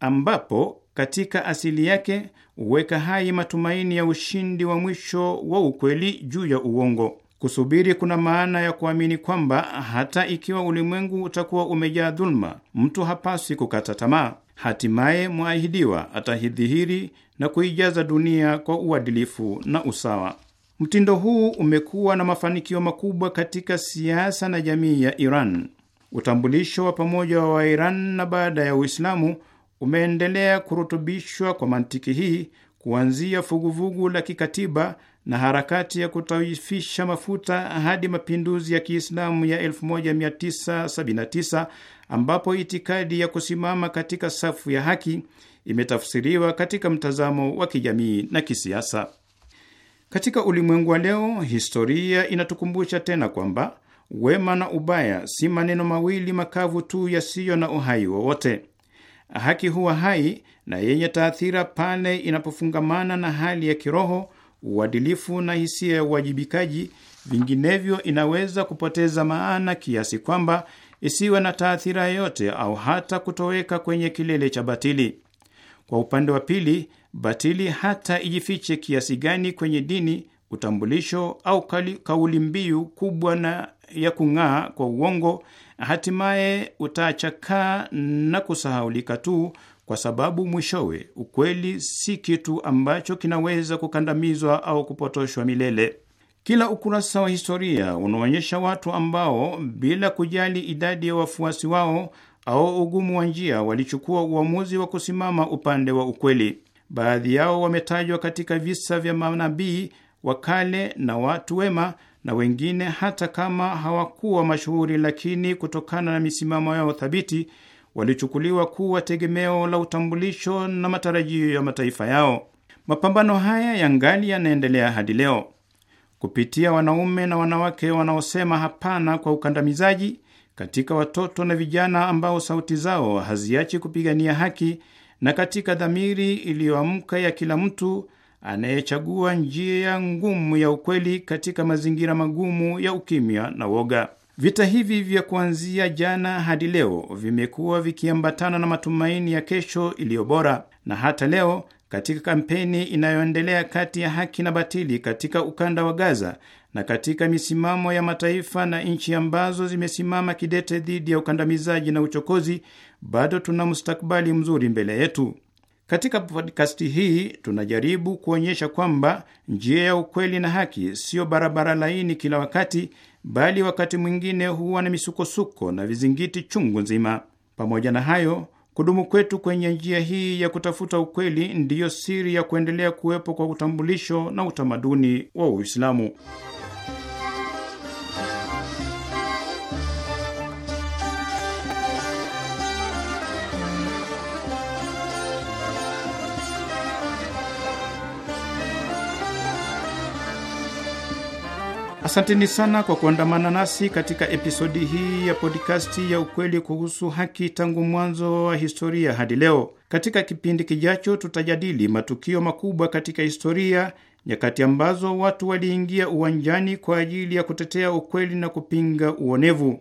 ambapo katika asili yake huweka hai matumaini ya ushindi wa mwisho wa ukweli juu ya uongo. Kusubiri kuna maana ya kuamini kwamba hata ikiwa ulimwengu utakuwa umejaa dhuluma, mtu hapaswi kukata tamaa. Hatimaye mwaahidiwa atahidhihiri na kuijaza dunia kwa uadilifu na usawa. Mtindo huu umekuwa na mafanikio makubwa katika siasa na jamii ya Iran. Utambulisho wa pamoja wa Iran na baada ya Uislamu umeendelea kurutubishwa kwa mantiki hii kuanzia vuguvugu la kikatiba na harakati ya kutaifisha mafuta hadi mapinduzi ya Kiislamu ya 1979 ambapo itikadi ya kusimama katika safu ya haki imetafsiriwa katika mtazamo wa kijamii na kisiasa. Katika ulimwengu wa leo, historia inatukumbusha tena kwamba wema na ubaya si maneno mawili makavu tu yasiyo na uhai wowote. Haki huwa hai na yenye taathira pale inapofungamana na hali ya kiroho, uadilifu na hisia ya uwajibikaji. Vinginevyo inaweza kupoteza maana kiasi kwamba isiwe na taathira yoyote au hata kutoweka kwenye kilele cha batili. Kwa upande wa pili, batili hata ijifiche kiasi gani kwenye dini, utambulisho au kauli mbiu kubwa na ya kung'aa kwa uongo hatimaye utachakaa na kusahaulika tu, kwa sababu mwishowe ukweli si kitu ambacho kinaweza kukandamizwa au kupotoshwa milele. Kila ukurasa wa historia unaonyesha watu ambao bila kujali idadi ya wafuasi wao au ugumu wa njia walichukua uamuzi wa kusimama upande wa ukweli. Baadhi yao wametajwa katika visa vya manabii wa kale na watu wema na wengine hata kama hawakuwa mashuhuri, lakini kutokana na misimamo yao thabiti walichukuliwa kuwa tegemeo la utambulisho na matarajio ya mataifa yao. Mapambano haya yangali yanaendelea hadi leo kupitia wanaume na wanawake wanaosema hapana kwa ukandamizaji katika watoto na vijana ambao sauti zao haziachi kupigania haki na katika dhamiri iliyoamka ya kila mtu anayechagua njia ngumu ya ukweli katika mazingira magumu ya ukimya na woga. Vita hivi vya kuanzia jana hadi leo vimekuwa vikiambatana na matumaini ya kesho iliyo bora, na hata leo katika kampeni inayoendelea kati ya haki na batili katika ukanda wa Gaza na katika misimamo ya mataifa na nchi ambazo zimesimama kidete dhidi ya ukandamizaji na uchokozi, bado tuna mustakabali mzuri mbele yetu. Katika podkasti hii tunajaribu kuonyesha kwamba njia ya ukweli na haki siyo barabara laini kila wakati, bali wakati mwingine huwa na misukosuko na vizingiti chungu nzima. Pamoja na hayo, kudumu kwetu kwenye njia hii ya kutafuta ukweli ndiyo siri ya kuendelea kuwepo kwa utambulisho na utamaduni wa Uislamu. Asanteni sana kwa kuandamana nasi katika episodi hii ya podikasti ya ukweli kuhusu haki, tangu mwanzo wa historia hadi leo. Katika kipindi kijacho, tutajadili matukio makubwa katika historia, nyakati ambazo watu waliingia uwanjani kwa ajili ya kutetea ukweli na kupinga uonevu,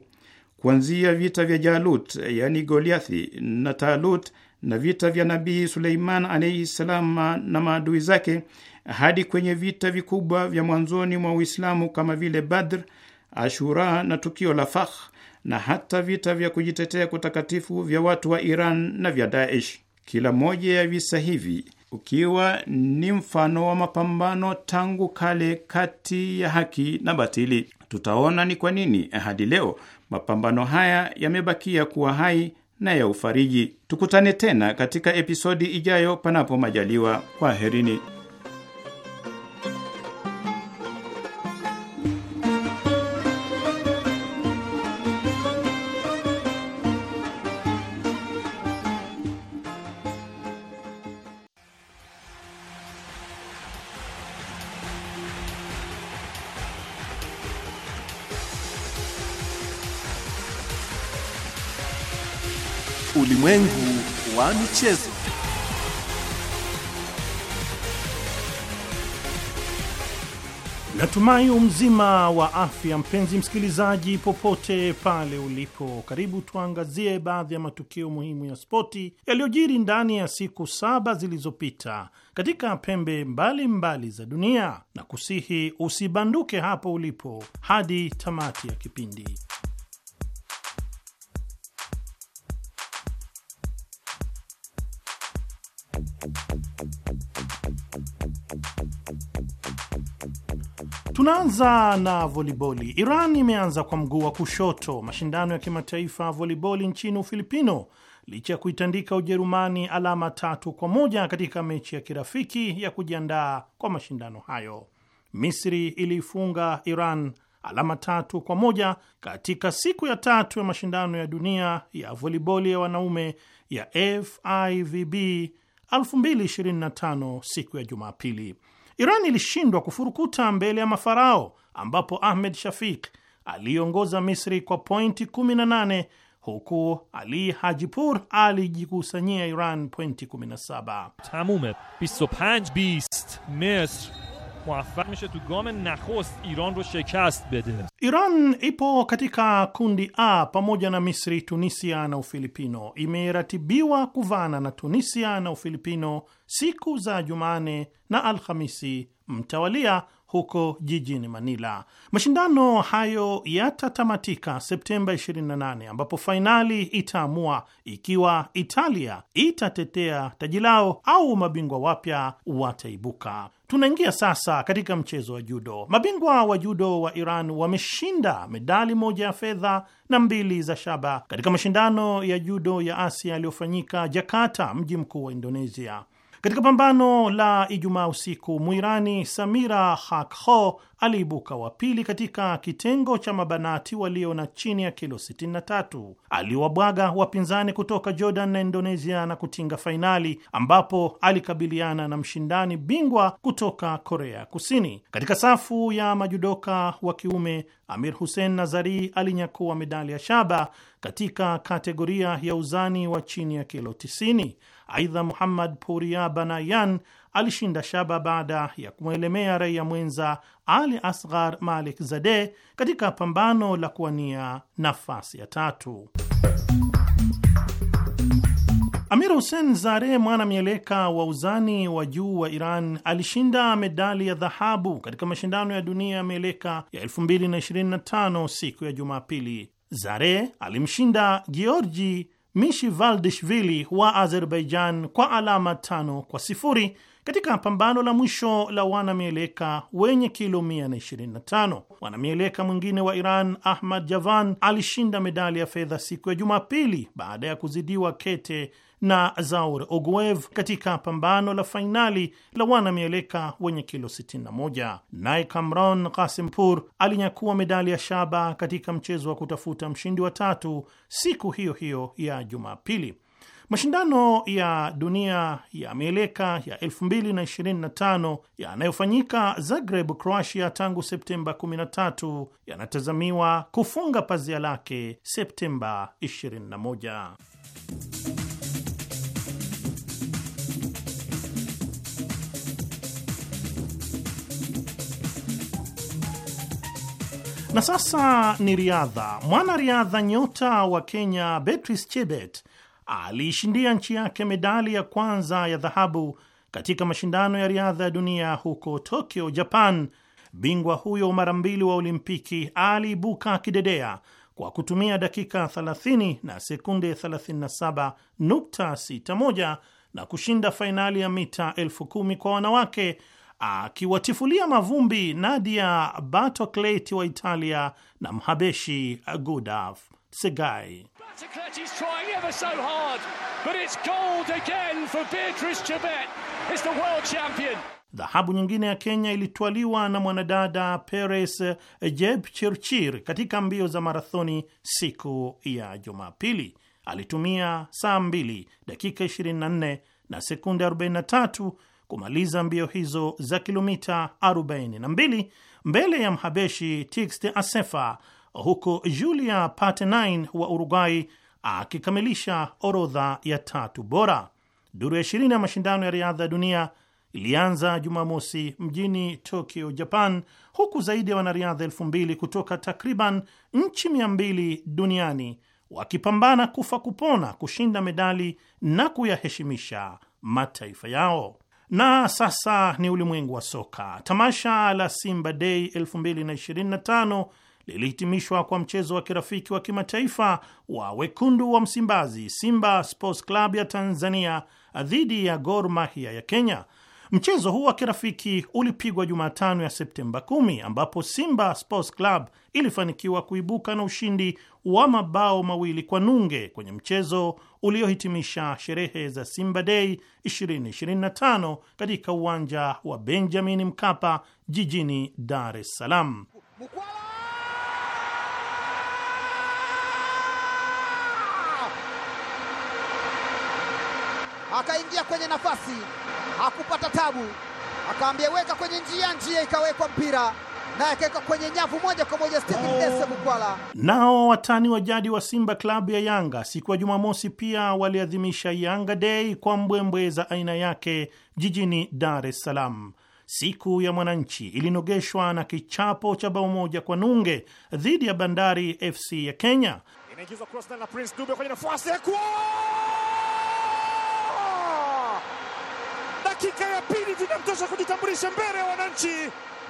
kuanzia vita vya Jalut yaani Goliathi na Talut na vita vya Nabii Suleiman alaihi ssalam na maadui zake hadi kwenye vita vikubwa vya mwanzoni mwa Uislamu kama vile Badr, Ashura na tukio la Fakh na hata vita vya kujitetea kutakatifu vya watu wa Iran na vya Daesh. Kila moja ya visa hivi ukiwa ni mfano wa mapambano tangu kale kati ya haki na batili. Tutaona ni kwa nini hadi leo mapambano haya yamebakia kuwa hai na ya ufariji. Tukutane tena katika episodi ijayo, panapo majaliwa. Kwaherini. Ulimwengu wa michezo. Natumai umzima wa afya, mpenzi msikilizaji, popote pale ulipo. Karibu tuangazie baadhi ya matukio muhimu ya spoti yaliyojiri ndani ya siku saba zilizopita katika pembe mbalimbali mbali za dunia, na kusihi usibanduke hapo ulipo hadi tamati ya kipindi. Tunaanza na voliboli. Iran imeanza kwa mguu wa kushoto mashindano ya kimataifa ya voliboli nchini Ufilipino licha ya kuitandika Ujerumani alama tatu kwa moja katika mechi ya kirafiki ya kujiandaa kwa mashindano hayo. Misri iliifunga Iran alama tatu kwa moja katika siku ya tatu ya mashindano ya dunia ya voliboli ya wanaume ya FIVB 2025 siku ya Jumapili. Iran ilishindwa kufurukuta mbele ya mafarao ambapo Ahmed Shafik aliongoza Misri kwa pointi 18 huku Ali Hajipur alijikusanyia Iran pointi 17. موفق میشه تو گام نخست ایران رو شکست بده. Iran ipo katika kundi A pamoja na Misri, Tunisia na Ufilipino. Imeratibiwa kuvana na Tunisia na Ufilipino siku za Jumane na Alhamisi mtawalia huko jijini Manila. Mashindano hayo yatatamatika Septemba 28 ambapo fainali itaamua ikiwa Italia itatetea taji lao au mabingwa wapya wataibuka. Tunaingia sasa katika mchezo wa judo. Mabingwa wa judo wa Iran wameshinda medali moja ya fedha na mbili za shaba katika mashindano ya judo ya Asia yaliyofanyika Jakarta, mji mkuu wa Indonesia. Katika pambano la Ijumaa usiku Mwirani Samira Hakho aliibuka wa pili katika kitengo cha mabanati walio na chini ya kilo 63. Aliwabwaga wapinzani kutoka Jordan na Indonesia na kutinga fainali ambapo alikabiliana na mshindani bingwa kutoka Korea Kusini. Katika safu ya majudoka wa kiume, Amir Hussein Nazari alinyakua medali ya shaba katika kategoria ya uzani wa chini ya kilo 90. Aidha, Muhammad Puria Banayan alishinda shaba baada ya kumwelemea raia mwenza Ali Asghar Malik Zade katika pambano la kuwania nafasi ya tatu. Amir Hussein Zare mwana mieleka wa uzani wa juu wa Iran alishinda medali ya dhahabu katika mashindano ya dunia ya mieleka ya 2025 siku ya Jumapili. Zare alimshinda Georgi mishi valdishvili wa Azerbaijan kwa alama tano kwa sifuri katika pambano la mwisho la wanamieleka wenye kilo 125. Wanamieleka mwingine wa Iran Ahmad Javan alishinda medali ya fedha siku ya Jumapili baada ya kuzidiwa kete na Zaur Oguev katika pambano la fainali la wanamieleka wenye kilo 61. Naye Kamron Kasimpur alinyakua medali ya shaba katika mchezo wa kutafuta mshindi wa tatu siku hiyo hiyo ya Jumapili. Mashindano ya dunia ya mieleka ya 2025 yanayofanyika Zagreb, Croatia, tangu Septemba 13 yanatazamiwa kufunga pazia lake Septemba 21. Na sasa ni riadha. Mwanariadha nyota wa Kenya Beatrice Chebet aliishindia nchi yake medali ya kwanza ya dhahabu katika mashindano ya riadha ya dunia huko Tokyo, Japan. Bingwa huyo mara mbili wa Olimpiki aliibuka akidedea kwa kutumia dakika 30 na sekunde 37.61 na kushinda fainali ya mita elfu kumi kwa wanawake akiwatifulia mavumbi Nadia Batoclet wa Italia na Mhabeshi Gudaf Segai. Dhahabu nyingine ya Kenya ilitwaliwa na mwanadada Peres Jepchirchir katika mbio za marathoni siku ya Jumapili. Alitumia saa 2 dakika 24 na sekunde 43 kumaliza mbio hizo za kilomita 42 mbele ya Mhabeshi tixt Asefa, huko Julia Paternain wa Uruguai akikamilisha orodha ya tatu bora. Duru ya ishirini ya mashindano ya riadha ya dunia ilianza Jumamosi mjini Tokyo, Japan, huku zaidi ya wanariadha elfu mbili kutoka takriban nchi mia mbili duniani wakipambana kufa kupona kushinda medali na kuyaheshimisha mataifa yao. Na sasa ni ulimwengu wa soka. Tamasha la Simba Day 2025 lilihitimishwa kwa mchezo wa kirafiki wa kimataifa wa wekundu wa Msimbazi, Simba Sports Club ya Tanzania dhidi ya Gor Mahia ya Kenya, Mchezo huu wa kirafiki ulipigwa Jumatano ya Septemba 10 ambapo Simba Sports Club ilifanikiwa kuibuka na ushindi wa mabao mawili kwa nunge kwenye mchezo uliohitimisha sherehe za Simba Day 2025 katika uwanja wa Benjamin Mkapa jijini Dar es Salaam. Akaingia kwenye nafasi hakupata tabu, akaambia weka kwenye njia, njia ikawekwa mpira na akaweka kwenye nyavu moja kwa moja Stephen oh. Dese Mukwala. Nao watani wa jadi wa Simba klabu ya Yanga siku ya Jumamosi pia waliadhimisha Yanga Day kwa mbwembwe za aina yake jijini Dar es Salaam. Siku ya Mwananchi ilinogeshwa na kichapo cha bao moja kwa nunge dhidi ya Bandari FC ya Kenya. Inaingizwa cross na Prince Dube kwenye nafasi ya kuoa dakika ya pili vinamtosha kujitambulisha mbele ya wananchi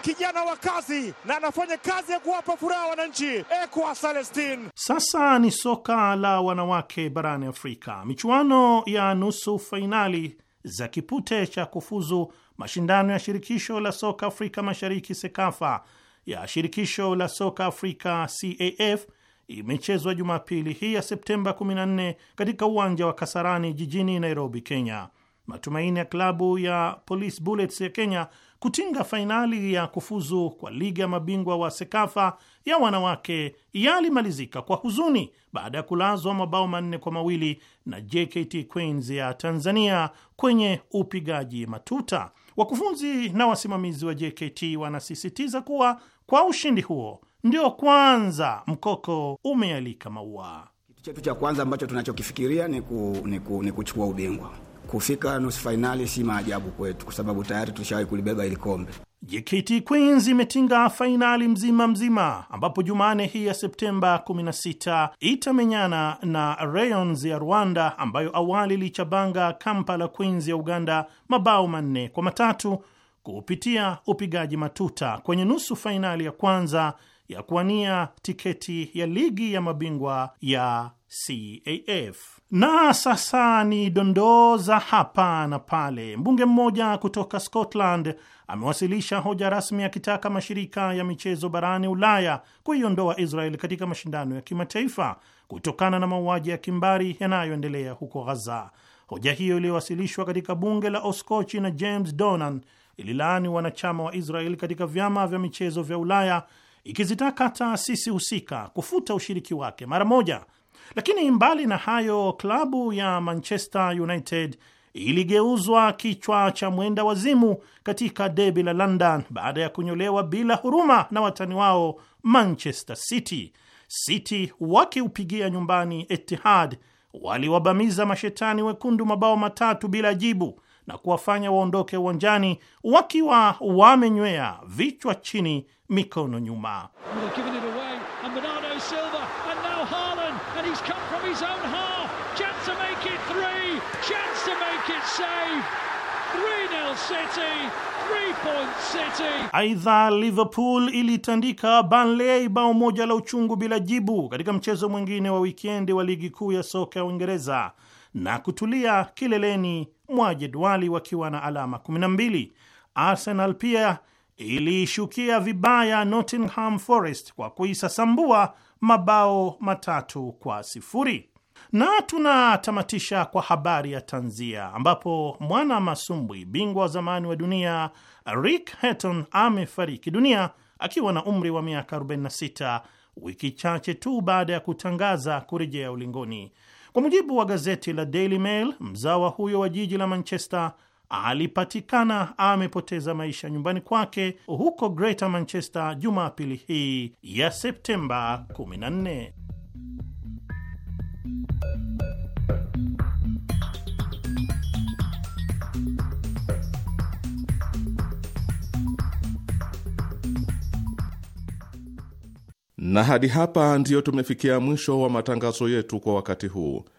kijana wa kazi na anafanya kazi ya kuwapa furaha wananchi. Ekwa Celestin. Sasa ni soka la wanawake barani Afrika. Michuano ya nusu fainali za kipute cha kufuzu mashindano ya shirikisho la soka Afrika Mashariki SEKAFA ya shirikisho la soka Afrika CAF imechezwa Jumapili hii ya Septemba 14 katika uwanja wa Kasarani jijini Nairobi, Kenya matumaini ya klabu ya Police Bullets ya Kenya kutinga fainali ya kufuzu kwa ligi ya mabingwa wa Sekafa ya wanawake yalimalizika kwa huzuni baada ya kulazwa mabao manne kwa mawili na JKT Queens ya Tanzania kwenye upigaji matuta. Wakufunzi na wasimamizi wa JKT wanasisitiza kuwa kwa ushindi huo ndio kwanza mkoko umealika maua. Kitu chetu cha kwanza ambacho tunachokifikiria ni, ku, ni, ku, ni kuchukua ubingwa Kufika nusu fainali si maajabu kwetu, kwa sababu tayari tulishawahi kulibeba ili kombe. JKT Queens imetinga fainali mzima mzima, ambapo Jumane hii ya Septemba 16 itamenyana na Rayons ya Rwanda, ambayo awali ilichabanga Kampala Queens ya Uganda mabao manne kwa matatu kupitia upigaji matuta kwenye nusu fainali ya kwanza ya kuwania tiketi ya ligi ya mabingwa ya CAF. Na sasa ni dondoo za hapa na pale. Mbunge mmoja kutoka Scotland amewasilisha hoja rasmi akitaka mashirika ya michezo barani Ulaya kuiondoa Israel katika mashindano ya kimataifa kutokana na mauaji ya kimbari yanayoendelea huko Ghaza. Hoja hiyo iliyowasilishwa katika bunge la Oskochi na James Donan ililaani wanachama wa Israel katika vyama vya michezo vya Ulaya, ikizitaka taasisi husika kufuta ushiriki wake mara moja lakini mbali na hayo, klabu ya Manchester United iligeuzwa kichwa cha mwenda wazimu katika debi la London baada ya kunyolewa bila huruma na watani wao Manchester City. City wakiupigia nyumbani Etihad waliwabamiza mashetani wekundu mabao matatu bila jibu na kuwafanya waondoke uwanjani wakiwa wamenywea vichwa chini, mikono nyuma who's come from his own half. Chance to make it three. Chance to make it save. 3-0 City. Aidha, Liverpool ilitandika Burnley bao moja la uchungu bila jibu katika mchezo mwingine wa wikendi wa ligi kuu ya soka ya Uingereza na kutulia kileleni mwa jedwali wakiwa na alama 12. Arsenal pia iliishukia vibaya Nottingham Forest kwa kuisasambua mabao matatu kwa sifuri. Na tunatamatisha kwa habari ya tanzia, ambapo mwana masumbwi bingwa wa zamani wa dunia Rick Hatton amefariki dunia akiwa na umri wa miaka 46 wiki chache tu baada ya kutangaza kurejea ulingoni. Kwa mujibu wa gazeti la Daily Mail, mzawa huyo wa jiji la Manchester alipatikana amepoteza maisha nyumbani kwake huko Greater Manchester Jumapili hii ya Septemba 14. Na hadi hapa ndiyo tumefikia mwisho wa matangazo yetu kwa wakati huu.